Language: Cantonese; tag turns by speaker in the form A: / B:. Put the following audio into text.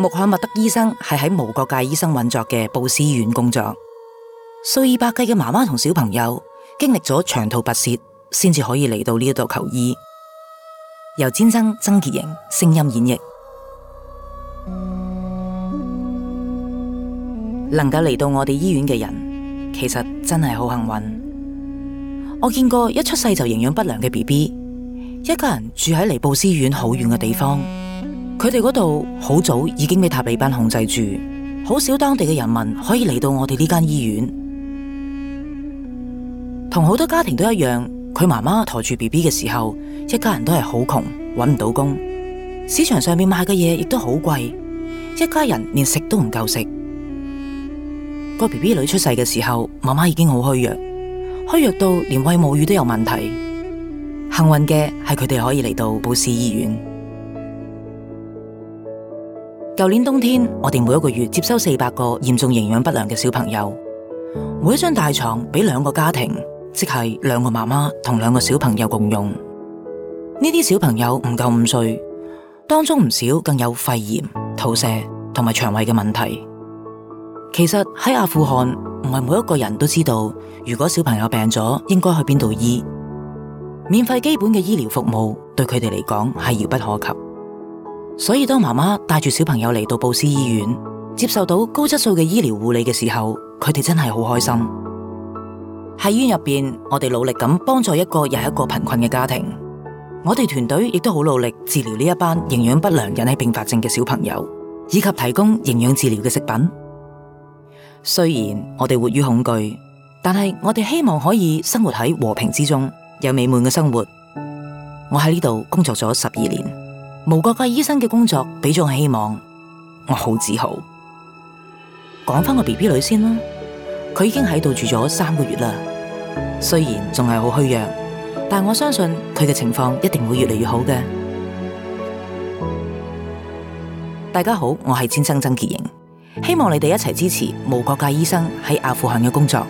A: 穆罕默德醫生係喺無國界醫生運作嘅布斯醫院工作。數以百計嘅媽媽同小朋友經歷咗長途跋涉，先至可以嚟到呢度求醫。由先生曾潔盈聲音演繹， 能夠嚟到我哋醫院嘅人，其實真係好幸運。我見過一出世就營養不良嘅 B B，一家人住喺離布斯醫院好遠嘅地方。佢哋嗰度好早已經被塔利班控制住，好少當地嘅人民可以嚟到我哋呢間醫院。同好多家庭都一樣，佢媽媽抬住 B B 嘅時候，一家人都係好窮，揾唔到工，市場上面賣嘅嘢亦都好貴，一家人連食都唔夠食。個 B B 女出世嘅時候，媽媽已經好虛弱，虛弱到連餵母乳都有問題。幸運嘅係佢哋可以嚟到布斯醫院。舊年冬天，我哋每一個月接收四百個嚴重營養不良嘅小朋友，每一張大床俾兩個家庭，即係兩個媽媽同兩個小朋友共用。呢啲小朋友唔夠五歲，當中唔少更有肺炎、肚瀉同埋腸胃嘅問題。其實喺阿富汗，唔係每一個人都知道，如果小朋友病咗，應該去邊度醫。免費基本嘅醫療服務對佢哋嚟講係遙不可及。所以，當媽媽帶住小朋友嚟到布斯醫院，接受到高質素嘅醫療護理嘅時候，佢哋真係好開心。喺醫院入邊，我哋努力咁幫助一個又一個貧困嘅家庭。我哋團隊亦都好努力治療呢一班營養不良引起併發症嘅小朋友，以及提供營養治療嘅食品。雖然我哋活於恐懼，但係我哋希望可以生活喺和平之中，有美滿嘅生活。我喺呢度工作咗十二年。無國界醫生嘅工作俾咗我希望，我好自豪。講返個 B B 女先啦，佢已經喺度住咗三個月啦，雖然仲係好虛弱，但我相信佢嘅情況一定會越嚟越好嘅。大家好，我係先生曾潔盈，希望你哋一齊支持無國界醫生喺阿富汗嘅工作。